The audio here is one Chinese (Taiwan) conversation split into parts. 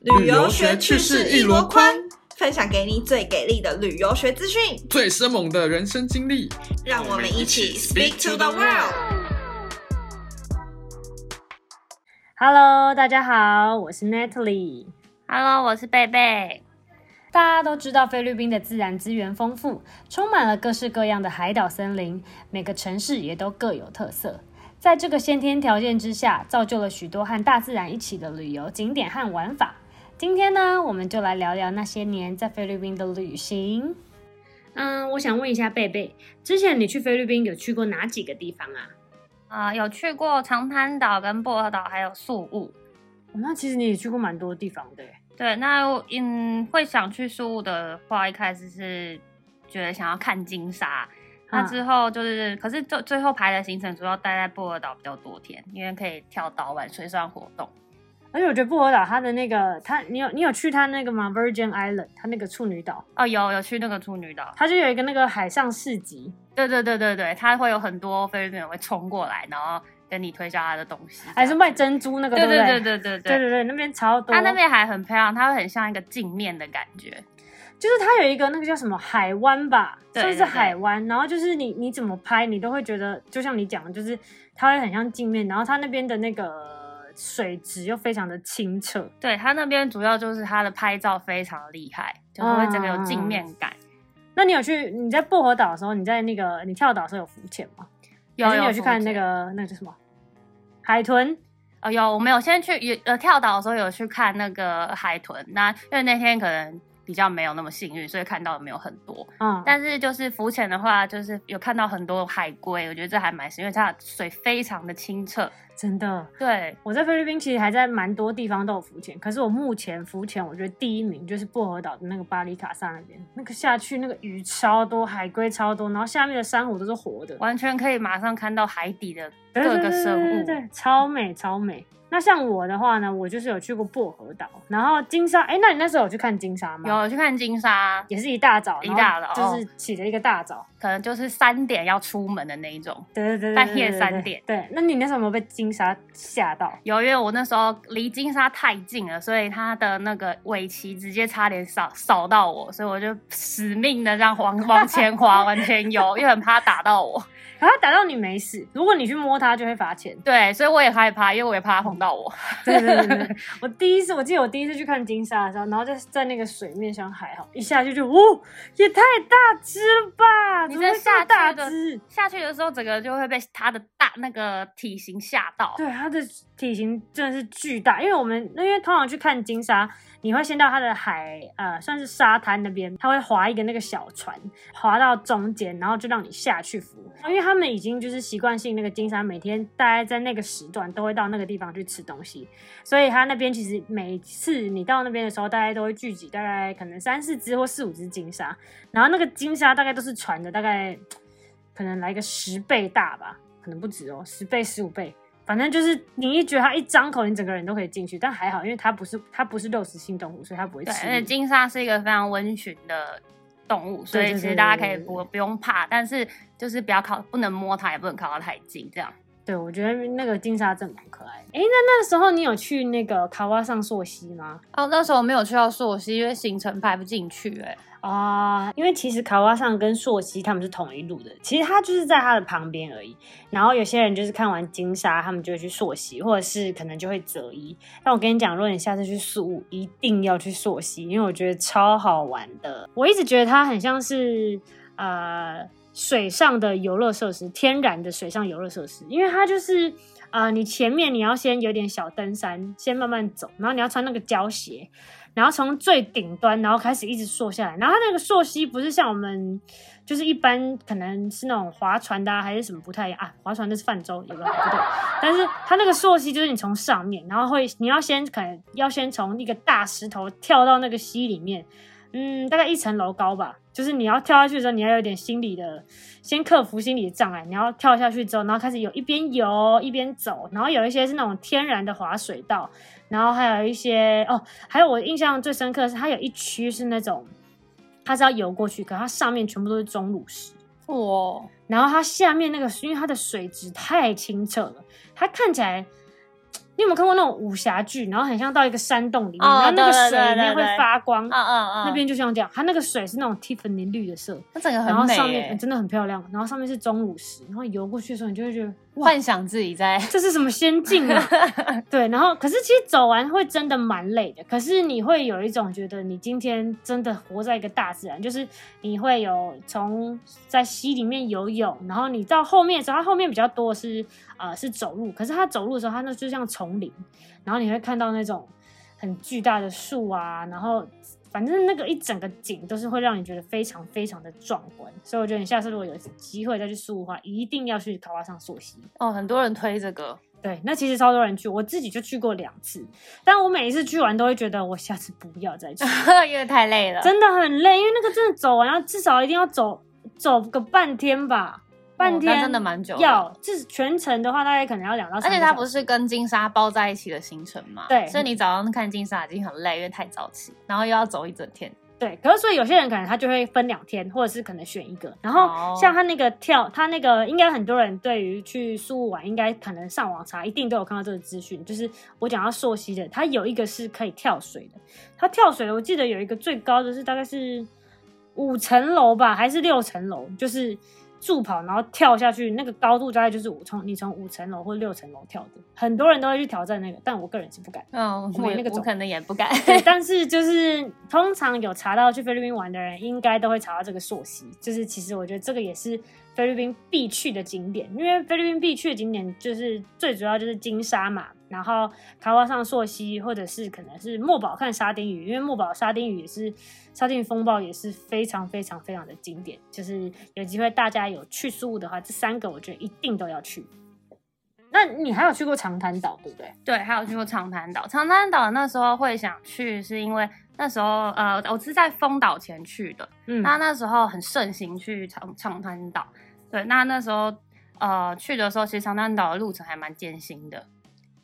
旅遊學趣事一籮筐，分享給你最給力的旅遊學資訊，最生猛的人生經歷。讓我們一起 speak to the world。Hello，大家好，我是 Natalie。Hello，我是貝貝。大家都知道，菲律賓的自然資源豐富，充滿了各式各樣的海島、森林，每個城市也都各有特色。在這個先天條件之下，造就了許多和大自然一起的旅遊景點和玩法。今天呢，我們就來聊聊那些年在菲律賓的旅行。嗯，我想問一下貝貝，之前你去菲律賓有去過哪幾個地方啊？啊、呃，有去過長灘島、跟薄荷島，還有宿務。那其實你也去過蠻多的地方的。對，對那嗯，會想去宿務的話，一開始是覺得想要看鯨鯊。那、啊啊、之後就是，可是最最後排的行程主要待在薄荷島比較多天，因為可以跳島玩水上活動。而且我覺得薄荷島它的那個，它你有你有去它那個嗎？Virgin Island，它那個處女島。哦，有有去那個處女島，它就有一個那個海上市集。對對對對對，它會有很多菲律賓人會衝過來，然後。跟你推銷他的東西，還是賣珍珠那個對不對？對對對對對對對對對，對對對，那邊超多。它那邊還很漂亮，它會很像一個鏡面的感覺，就是它有一個那個叫什麼海灣吧，算是海灣。然後就是你你怎麼拍，你都會覺得就像你講的，就是它會很像鏡面。然後它那邊的那個水質又非常的清澈，對，它那邊主要就是它的拍照非常厲害，就是會整個有鏡面感。嗯。那你有去你在薄荷島的時候，你在那個你跳島的時候有浮潛嗎？有，你有去看那個那個叫什麼海豚？哦，有我沒有？們有先去呃跳島的時候有去看那個海豚，那因為那天可能。比較沒有那麼幸運，所以看到的沒有很多。嗯，但是就是浮潛的話，就是有看到很多海龜，我覺得這還蠻是因為它的水非常的清澈，真的。對，我在菲律賓其實還在蠻多地方都有浮潛，可是我目前浮潛，我覺得第一名就是薄荷島的那個巴里卡薩那邊，那個下去那個魚超多，海龜超多，然後下面的珊瑚都是活的，完全可以馬上看到海底的各個生物，超美，對對對對對，超美，超美那像我的話呢，我就是有去過薄荷島，然後鯨鯊，哎、欸，那你那時候有去看鯨鯊嗎？有去看鯨鯊，也是一大早，一大早就是起了一個大早，哦、可能就是三點要出門的那一種，對對對，對，對，對對對，半夜三點。對，那你那時候有沒有被鯨鯊嚇到？有，因為我那時候離鯨鯊太近了，所以它的那個尾鰭直接差點掃掃到我，所以我就死命的讓黃往前划往前游，因為 很怕打到我。然後它打到你沒事，如果你去摸它就會罰錢。對，所以我也害怕，因為我也怕它碰到我。嗯、對,對對對， 我第一次，我記得我第一次去看金沙的時候，然後在在那個水面上還好，一下去就哦，也太大只了吧？嗯、怎麼下大只？下去的時候整個就會被它的大那個體型嚇到。對，它的體型真的是巨大，因為我們因為通常去看金沙。你會先到它的海，呃，算是沙灘那邊，它會劃一個那個小船，划到中間，然後就讓你下去浮，因為他們已經就是習慣性那個鯨鯊，每天大概在那個時段都會到那個地方去吃東西，所以它那邊其實每次你到那邊的時候，大家都會聚集，大概可能三四隻或四五隻鯨鯊，然後那個鯨鯊大概都是船的，大概可能來個十倍大吧，可能不止哦，十倍十五倍。反正就是你一覺得它一張口，你整個人都可以進去。但還好，因為它不是它不是肉食性動物，所以它不會吃。而且鯨鯊是一個非常溫馴的動物，所以其實大家可以不不用怕。但是就是不要靠，不能摸它，也不能靠到太近，這樣。對，我覺得那個鯨鯊真的蠻可愛的。誒、欸，那那時候你有去那個卡瓦上溯溪嗎？哦，那時候沒有去到溯溪，因為行程排不進去、欸。誒。啊，uh, 因為其實卡哇桑跟溯溪他們是同一路的，其實他就是在他的旁邊而已。然後有些人就是看完金沙，他們就會去溯溪，或者是可能就會擇一。但我跟你講，如果你下次去宿霧，一定要去溯溪，因為我覺得超好玩的。我一直覺得它很像是呃水上的遊樂設施，天然的水上遊樂設施，因為它就是啊、呃，你前面你要先有點小登山，先慢慢走，然後你要穿那個膠鞋。然後從最頂端，然後開始一直溯下來。然後它那個溯溪不是像我們，就是一般可能是那種划船的、啊，還是什麼不太一樣啊？划船那是泛舟，一個不對，但是它那個溯溪就是你從上面，然後會你要先可能要先從一個大石頭跳到那個溪裡面，嗯，大概一層樓高吧。就是你要跳下去的時候，你要有點心理的，先克服心理的障礙。你要跳下去之後，然後開始有一邊游一邊走，然後有一些是那種天然的滑水道。然後還有一些哦，還有我印象最深刻的是，它有一區是那種，它是要游過去，可它上面全部都是鐘乳石哦。然後它下面那個，因為它的水質太清澈了，它看起來，你有沒有看過那種武俠劇？然後很像到一個山洞裡面，然後、哦、那個水裡面會發光，啊啊啊！對對對對，那邊就像這樣，它那個水是那種蒂芙尼綠的色，它整個很美耶。然後上面、嗯、真的很漂亮，然後上面是鐘乳石，然後游過去的時候，你就會覺得。幻想自己在，這是什麼仙境呢？ 對，然後可是其實走完會真的蠻累的，可是你會有一種覺得你今天真的活在一個大自然，就是你會有從在溪裡面游泳，然後你到後面的時候，它後面比較多是呃是走路，可是他走路的時候，他那就像叢林，然後你會看到那種很巨大的樹啊，然後。反正那個一整個景都是會讓你覺得非常非常的壯觀，所以我覺得你下次如果有機會再去宿霧的話，一定要去桃花上溯溪。哦，很多人推這個，對，那其實超多人去，我自己就去過兩次，但我每一次去完都會覺得我下次不要再去， 因為太累了，真的很累，因為那個真的走完要至少一定要走走個半天吧。半天要、哦、真的蠻久的，要就是全程的話，大概可能要兩到三天。而且它不是跟鯨鯊包在一起的行程嘛？對。所以你早上看鯨鯊已經很累，因為太早起，然後又要走一整天。對。可是所以有些人可能他就會分兩天，或者是可能選一個。然後像他那個跳，oh. 他那個應該很多人對於去宿霧玩，應該可能上網查，一定都有看到這個資訊。就是我講到溯溪的，他有一個是可以跳水的，他跳水的我記得有一個最高的是大概是五層樓吧，還是六層樓，就是。助跑，然後跳下去，那個高度大概就是五層，你從五層樓或六層樓跳的，很多人都會去挑戰那個，但我個人是不敢。嗯，oh, 沒那個，我可能也不敢。 對，但是就是通常有查到去菲律賓玩的人，應該都會查到這個溯溪，就是其實我覺得這個也是菲律賓必去的景點，因為菲律賓必去的景點就是最主要就是金沙嘛。然後，台灣上溯溪，或者是可能是墨寶看沙丁魚，因為墨寶沙丁魚也是《沙丁風暴》也是非常非常非常的經典。就是有機會大家有去宿霧的話，這三個我覺得一定都要去。那你還有去過長灘島，對不對？對，還有去過長灘島。長灘島那時候會想去，是因為那時候呃，我是在封島前去的。嗯，他那，那時候很盛行去長長灘島。對，那那時候呃，去的時候其實長灘島的路程還蠻艱辛的。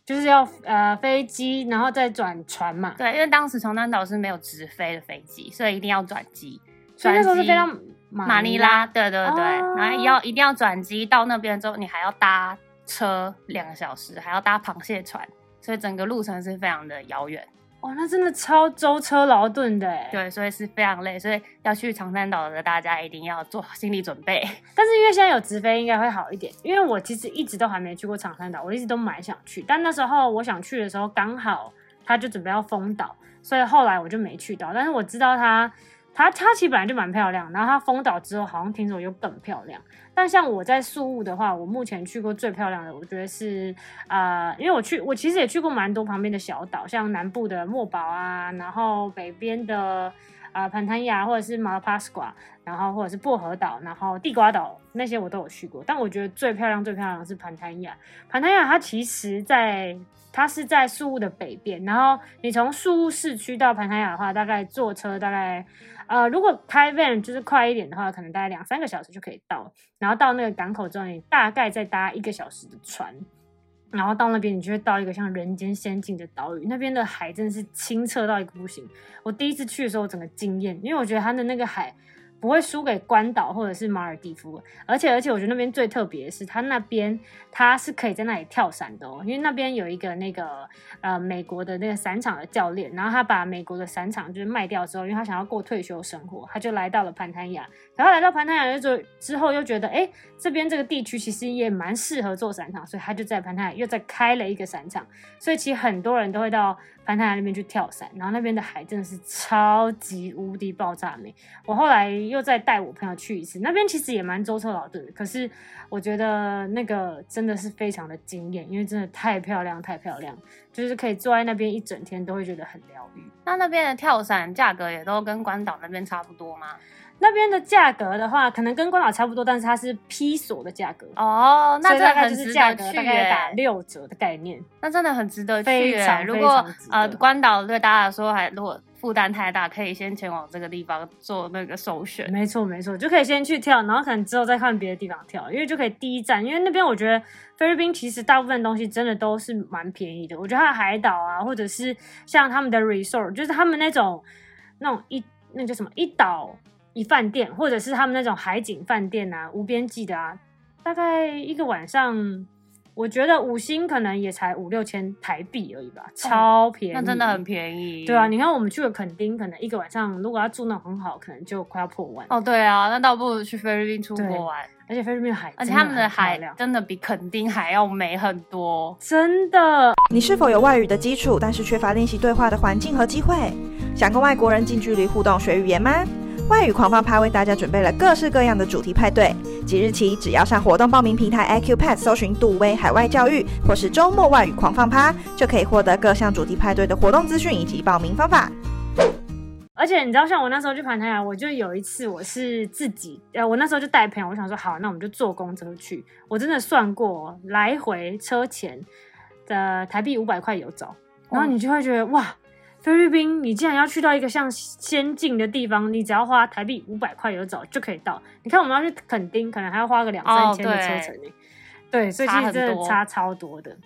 就是要呃飛機，然後再轉船嘛。對，因為當時長灘島是沒有直飛的飛機，所以一定要轉機。所以轉機那時候是非常馬、馬、馬尼拉，對對對，哦、然後要一定要轉機到那邊之後，你還要搭車兩個小時，還要搭螃蟹船，所以整個路程是非常的遙遠。哇、哦，那真的超舟車勞頓的哎，對，所以是非常累，所以要去長灘島的大家一定要做心理準備。但是因為現在有直飛，應該會好一點。因為我其實一直都還沒去過長灘島，我一直都蠻想去。但那時候我想去的時候，剛好他就準備要封島，所以後來我就沒去到。但是我知道他。它它其實本來就蠻漂亮，然後它封島之後好像聽說又更漂亮。但像我在宿務的話，我目前去過最漂亮的，我覺得是啊、呃，因為我去我其實也去過蠻多旁邊的小島，像南部的墨寶啊，然後北邊的啊，盤灘亞或者是馬拉帕斯瓜，然後或者是薄荷島，然後地瓜島那些我都有去過。但我覺得最漂亮最漂亮的是亞，是盤灘亞。盤灘亞它其實在，在它是在宿務的北邊，然後你從宿務市區到盤灘亞的話，大概坐車大概。呃，如果開 van 就是快一點的話，可能大概兩三個小時就可以到。然後到那個港口之後，你大概再搭一個小時的船，然後到那邊，你就會到一個像人間仙境的島嶼。那邊的海真的是清澈到一個不行。我第一次去的時候，我整個驚艷，因為我覺得它的那個海。不會輸給關島或者是馬爾地夫，而且而且，我覺得那邊最特別的是，他那邊他是可以在那裡跳傘的哦，因為那邊有一個那個呃美國的那個傘場的教練，然後他把美國的傘場就是賣掉之後，因為他想要過退休生活，他就來到了潘坦亞。然後來到盤灘，又做之後又覺得，哎，這邊這個地區其實也蠻適合做傘場，所以他就在盤灘又再開了一個傘場，所以其實很多人都會到盤灘那邊去跳傘，然後那邊的海真的是超級無敵爆炸美。我後來又再帶我朋友去一次，那邊其實也蠻舟車勞頓，可是我覺得那個真的是非常的驚艷，因為真的太漂亮太漂亮，就是可以坐在那邊一整天都會覺得很療癒。那那邊的跳傘價格也都跟關島那邊差不多嗎？那邊的價格的話，可能跟關島差不多，但是它是批鎖的價格哦。Oh, 那這大概就是價格大概有打六折的概念。那真的很值得去。非常非常值得。如果呃關島對大家來說還如果負擔太大，可以先前往這個地方做那個首選。沒錯沒錯，就可以先去跳，然後可能之後再看別的地方跳，因為就可以第一站。因為那邊我覺得菲律賓其實大部分東西真的都是蠻便宜的。我覺得它的海島啊，或者是像他們的 resort，就是他們那種那種一那叫什麼一島。一飯店，或者是他們那種海景飯店啊，無邊際的啊，大概一個晚上，我覺得五星可能也才五六千台幣而已吧，欸、超便宜，那真的很便宜。對啊，你看我們去了墾丁，可能一個晚上如果要住那很好，可能就快要破萬。哦，對啊，那倒不如去菲律賓出國玩，而且菲律賓還，而且他們的海真的比墾丁還要美很多，真的。你是否有外語的基礎，但是缺乏練習對話的環境和機會，想跟外國人近距離互動學語言嗎？外語狂放趴為大家準備了各式各樣的主題派對，即日起只要上活動報名平台 iQ Pad 搜尋杜威海外教育或是周末外語狂放趴，就可以獲得各項主題派對的活動資訊以及報名方法。而且你知道，像我那時候去澎湖呀，我就有一次我是自己，呃，我那時候就帶朋友，我想說好，那我們就坐公車去。我真的算過來回車錢的台幣五百塊有走，然後你就會覺得、哦、哇。菲律賓，你既然要去到一個像仙境的地方，你只要花台幣五百塊有找就可以到。你看我們要去墾丁，可能還要花個兩三千的車程呢。哦、對，對，所以其實真的差超多的。多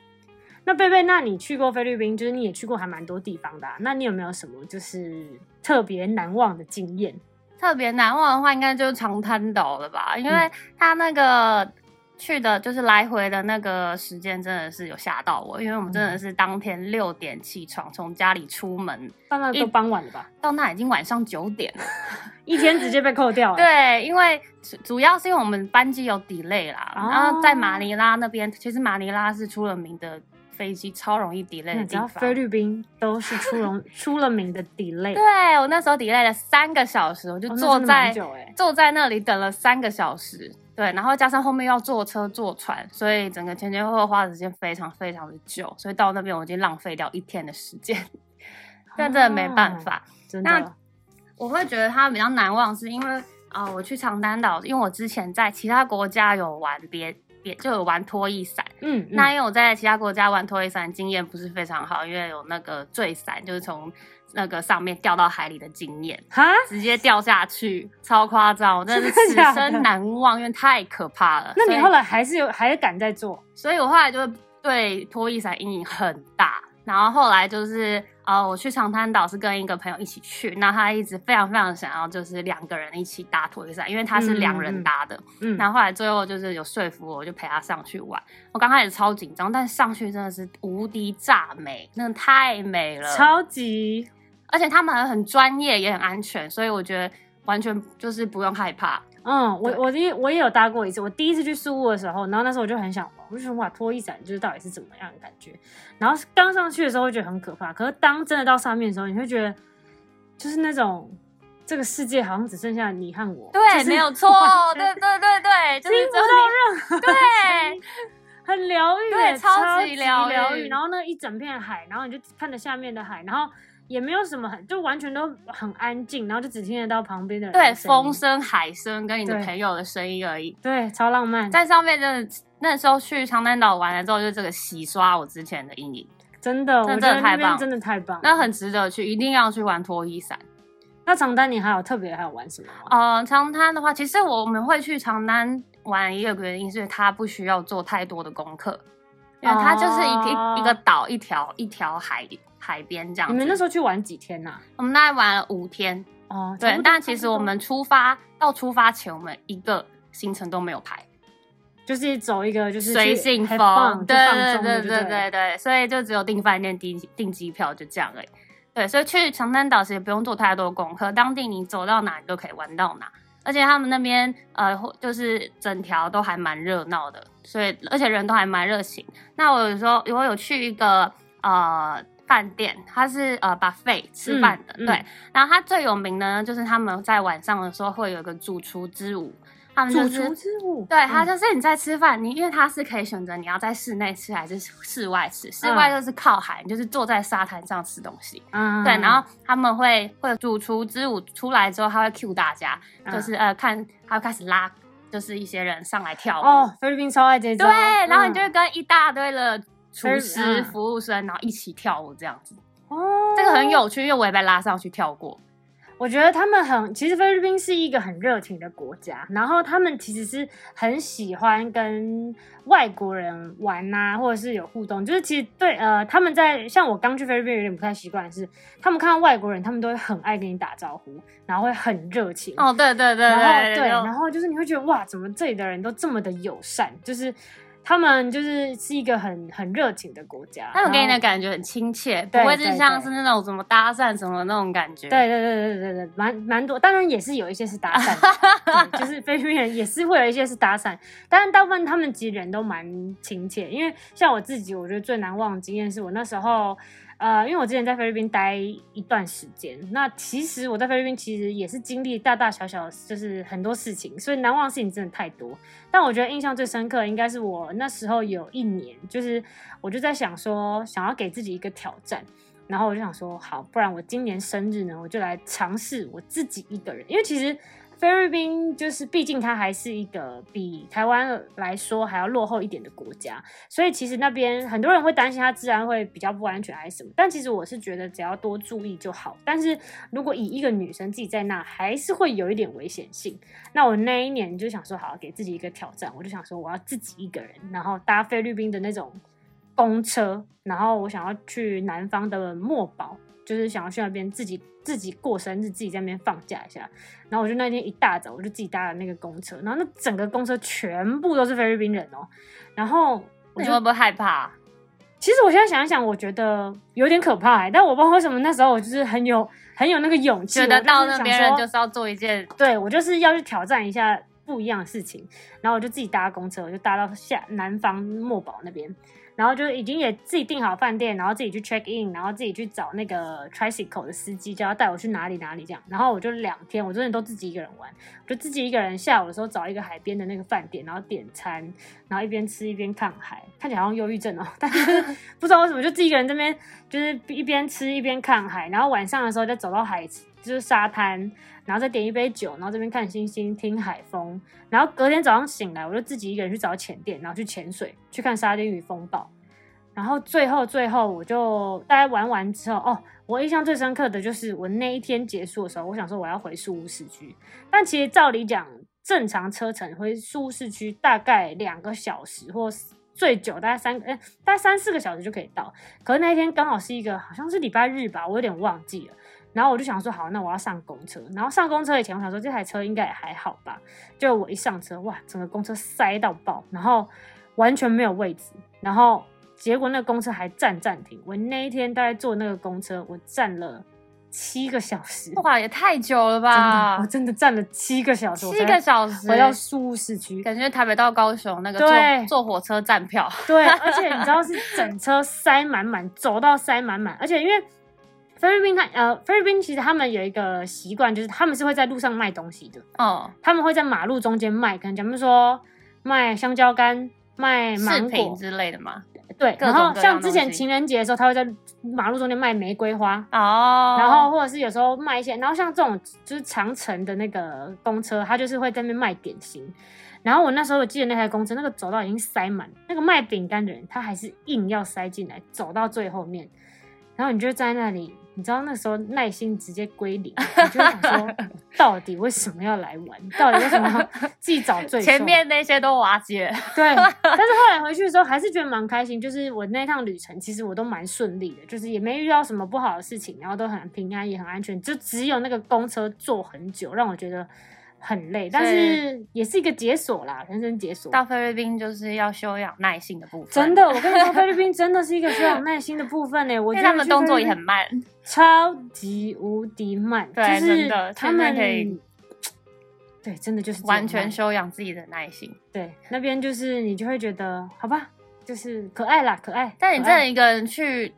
那貝貝，那你去過菲律賓，就是你也去過還蠻多地方的、啊。那你有沒有什麼就是特別難忘的經驗？特別難忘的話，應該就是長灘島了吧，因為他那個。嗯去的就是來回的那個時間真的是有嚇到我，因為我們真的是當天六點起床，從、嗯、家裡出門到那個都傍晚了吧？到那已經晚上九點了， 一天直接被扣掉了。對，因為主要是因為我們班機有 delay 啦。哦、然後在馬尼拉那邊，其實馬尼拉是出了名的飛機超容易 delay 的地方。菲律賓都是出容出了名的 delay。 對，我那時候 delay 了三個小時，我就坐在、哦欸、坐在那裡等了三個小時。對，然後加上後面要坐車坐船，所以整個前前後後花時間非常非常的久，所以到那邊我已經浪費掉一天的時間，但這沒辦法。啊、那真的我會覺得它比較難忘，是因為啊、呃，我去長灘島，因為我之前在其他國家有玩別別就有玩拖曳傘嗯，嗯，那因為我在其他國家玩拖曳傘經驗不是非常好，因為有那個墜傘，就是從。那個上面掉到海裡的經驗哈，蛤直接掉下去，超誇張，我真的是此生難忘，的的因為太可怕了。那你後來還是有，以還是敢再做？所以我後來就對拖曳傘陰影很大。然後後來就是啊、哦，我去長灘島是跟一個朋友一起去，那他一直非常非常想要，就是兩個人一起搭拖曳傘，因為他是兩人搭的。嗯。那後，後來最後就是有說服我，就陪他上去玩。我剛開始超緊張，但上去真的是無敵炸美，那個，太美了，超級。而且他們很專業，也很安全，所以我覺得完全就是不用害怕。嗯，對我我一我也有搭過一次。我第一次去宿霧的時候，然後那時候我就很想，我就想哇，拖曳傘，就是到底是怎麼樣的感覺。然後剛上去的時候會覺得很可怕，可是當真的到上面的時候，你會覺得就是那種這個世界好像只剩下你和我。對，就是，沒有錯。我對對對對，就是聽不到任何對，呵呵很療癒，對，超級療癒。癒然後那一整片海，然後你就看着下面的海，然後。也沒有什麼很，就完全都很安靜，然後就只聽得到旁邊的人的對，風聲、海聲跟你的朋友的聲音而已對。對，超浪漫。在上面真的，那時候去長灘島玩了之後，就這個洗刷我之前的陰影。真的，那真，真的太棒，真的太棒。那很值得去，一定要去玩拖曳傘。那長灘你還有特別還有玩什麼？呃，長灘的話，其實我們會去長灘玩一個原因，是它不需要做太多的功課，嗯嗯、它就是一個、哦、一個島，一條一條海裡。海邊這樣，你們那時候去玩幾天呢？啊、我們大概玩了五天哦。對，但其實我們出發到出發前，我們一個行程都沒有排，就是走一個就是隨性放，放鬆對對對對對對，所以就只有訂飯店、訂訂機票就這樣而已。欸。對，所以去長灘島其實不用做太多功課，當地你走到哪你都可以玩到哪，而且他們那邊呃，就是整條都還蠻熱鬧的，所以而且人都還蠻熱情。那我有時候我有去一個呃。飯店，他是呃 buffet 吃飯的，嗯嗯、對。然後他最有名的呢，就是他們在晚上的時候會有個主廚之舞，他們、就是、主廚之舞，對，嗯、他就是你在吃飯，你因為他是可以選擇你要在室內吃還是室外吃，室外就是靠海，嗯、你就是坐在沙灘上吃東西，嗯，對。然後他們會會主廚之舞出來之後，他會 cue 大家，嗯、就是呃，看，他會開始拉，就是一些人上來跳舞，哦，菲律賓超愛這種，對，然後你就跟一大堆的。嗯嗯廚師、嗯、服務生，然後一起跳舞這樣子，哦，這個很有趣，因為我也被拉上去跳過。我覺得他們很，其實菲律賓是一個很熱情的國家，然後他們其實是很喜歡跟外國人玩啊，或者是有互動。就是其實對，呃，他們在像我剛去菲律賓有點不太習慣，是他們看到外國人，他們都會很愛跟你打招呼，然後會很熱情。哦，對對對，對，對，對，對，然後對，然後就是你會覺得哇，怎麼這裡的人都這麼的友善？就是。他們就是是一個很很熱情的國家，他們給你的感覺很親切，不會是像是那種什麼搭訕什麼那種感覺。對對對對對對，蠻蠻多，當然也是有一些是搭訕， 就是菲律賓也是會有一些是搭訕，但大部分他們其實人都蠻親切，因為像我自己，我覺得最難忘的經驗是我那時候。呃，因為我之前在菲律賓待一段時間，那其實我在菲律賓其實也是經歷大大小小，就是很多事情，所以難忘的事情真的太多。但我覺得印象最深刻應該是我那時候有一年，就是我就在想說，想要給自己一個挑戰，然後我就想說，好，不然我今年生日呢，我就來嘗試我自己一個人，因為其實。菲律賓就是，畢竟它還是一個比台灣來說還要落後一點的國家，所以其實那邊很多人會擔心它治安會比較不安全還是什麼，但其實我是覺得只要多注意就好。但是如果以一個女生自己在那，還是會有一點危險性。那我那一年就想說，好，給自己一個挑戰，我就想說我要自己一個人，然後搭菲律賓的那種公車，然後我想要去南方的墨寶就是想要去那邊自己自己過生日，自己在那邊放假一下。然後我就那天一大早，我就自己搭了那個公車。然後那整個公車全部都是菲律賓人哦、喔。然後我就，你會不會害怕？其實我現在想一想，我覺得有點可怕、欸。但我不知道為什麼那時候我就是很有很有那個勇氣。覺得到那邊人就是要做一件，我對我就是要去挑戰一下不一樣的事情。然後我就自己搭公車，我就搭到下南方墨寶那邊。然後就是已經也自己訂好飯店，然後自己去 check in，然後自己去找那個 tricycle 的司機，叫他帶我去哪裡哪裡這樣。然後我就兩天，我真的都自己一個人玩，就自己一個人下午的時候找一個海邊的那個飯店，然後點餐，然後一邊吃一邊看海，看起來好像憂鬱症哦，但是不知道為什麼就自己一個人這邊就是一邊吃一邊看海，然後晚上的時候再走到海就是沙灘，然後再點一杯酒，然後這邊看星星、聽海風，然後隔天早上醒來，我就自己一個人去找潛店，然後去潛水，去看沙丁魚風暴。然後最後最後，我就大家玩完之後，哦，我印象最深刻的就是我那一天結束的時候，我想說我要回宿霧市區，但其實照理講，正常車程回宿霧市區大概兩個小時，或最久大概三個，哎、欸，大概三四個小時就可以到。可是那一天剛好是一個好像是禮拜日吧，我有點忘記了。然後我就想說，好，那我要上公車。然後上公車以前，我想說這台車應該也還好吧。就我一上車，哇，整個公車塞到爆，然後完全沒有位置。然後結果那個公車還站站停。我那一天大概坐那個公車，我站了七個小時。哇，也太久了吧。真的，我真的站了七個小時，七個小時，我要舒適區。感覺台北到高雄那個坐對坐火車站票，對，而且你知道是整車塞滿滿， 走到塞滿滿，而且因為。菲律賓他呃，菲律賓其實他們有一個習慣，就是他們是會在路上賣東西的。哦，oh. 他們會在馬路中間賣，可能假如說賣香蕉乾、賣芒果食品之類的嘛。對，各各然後像之前情人節的時候，他會在馬路中間賣玫瑰花。哦，oh. 然後或者是有時候賣一些，然後像這種就是長程的那個公車，他就是會在那邊賣點心。然後我那時候我記得那台公車，那個走道已經塞滿，那個賣餅乾的人他還是硬要塞進來，走到最後面，然後你就在那裡。你知道那時候耐心直接歸零，你就想說 到底為什麼要來玩？到底為什麼要自己找罪受？前面那些都瓦解。 對，但是後來回去的時候還是覺得蠻開心。就是我那趟旅程其實我都蠻順利的，就是也沒遇到什麼不好的事情，然後都很平安也很安全。就只有那個公車坐很久，讓我覺得。很累，但是也是一個解鎖啦，以人生解鎖。到菲律賓就是要修養耐性的部分。真的，我跟你說， 菲律賓真的是一個修養耐心的部分呢、欸。他們的動作也很慢，超級無敵慢，對就是真的他們可以，對，真的就是完全修養自己的耐心。對，那邊就是你就會覺得，好吧，就是可愛啦，可愛。但你這樣一個人去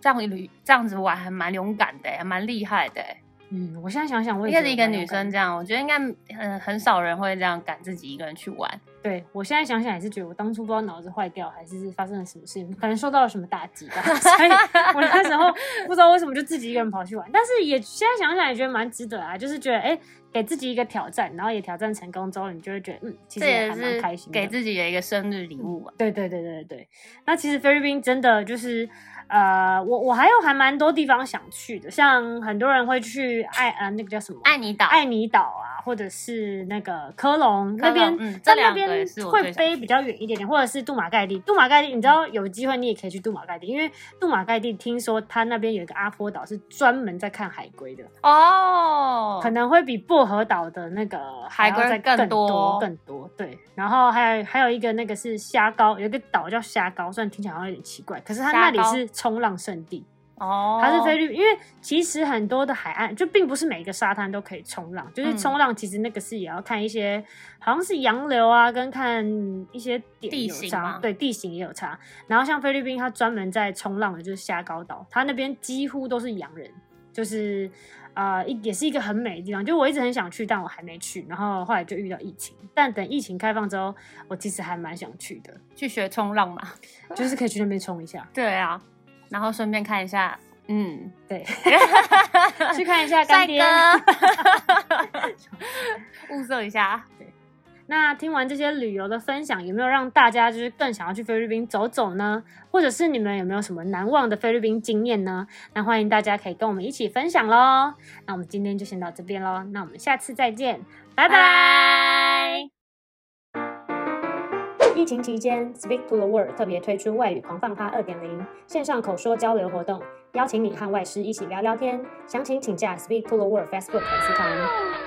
這樣旅，這樣子玩，還蠻勇敢的、欸，還蠻厲害的、欸。嗯，我現在想想我，我也是一個女生這樣，我覺得應該很，很少人會這樣敢自己一個人去玩。對，我現在想想也是覺得，我當初不知道腦子壞掉還是，是發生了什麼事情，可能受到了什麼打擊吧。所以，我那時候不知道為什麼就自己一個人跑去玩， 但是也現在想想也覺得蠻值得啊，就是覺得哎、欸、給自己一個挑戰，然後也挑戰成功之後，你就會覺得嗯，其實也還蠻開心，給自己有一個生日禮物、啊。對，對對對對對，那其實菲律賓真的就是。呃，我我還有還蠻多地方想去的，像很多人會去愛呃，那個叫什麼？愛妮島，愛妮島啊，或者是那個科隆那邊，在那邊會飛比較遠一點點，或者是杜馬蓋蒂。杜馬蓋蒂，你知道有機會你也可以去杜馬蓋蒂，嗯、因為杜馬蓋蒂聽說他那邊有一個阿波島，是專門在看海龜的哦，可能會比薄荷島的那個海龜在更多更多。對，然後還有還有一個那個是蝦高，有一個島叫蝦高，雖然聽起來好像有點奇怪，可是它那裡是衝浪聖地哦。蝦高。它是菲律賓，因為其實很多的海岸就並不是每一個沙灘都可以衝浪，就是衝浪其實那個是也要看一些，嗯、好像是洋流啊，跟看一些地形啊，對，地形也有差。然後像菲律賓，它專門在衝浪的就是蝦高島，它那邊幾乎都是洋人，就是。啊、呃，也是一個很美的地方，就我一直很想去，但我還沒去。然後後來就遇到疫情，但等疫情開放之後，我其實還蠻想去的，去學衝浪嘛，就是可以去那邊衝一下。對啊，然後順便看一下，嗯，對， 去看一下乾爹。帥哥 物色一下。對那聽完這些旅遊的分享，有沒有讓大家就是更想要去菲律賓走走呢？或者是你們有沒有什麼難忘的菲律賓經驗呢？那歡迎大家可以跟我們一起分享嘍。那我們今天就先到這邊嘍。那我們下次再見，拜拜。疫情期間，Speak to the World 特別推出外語狂放派二點零線上口說交流活動，邀請你和外師一起聊聊天。詳情請加 Speak to the World Facebook 粉絲團。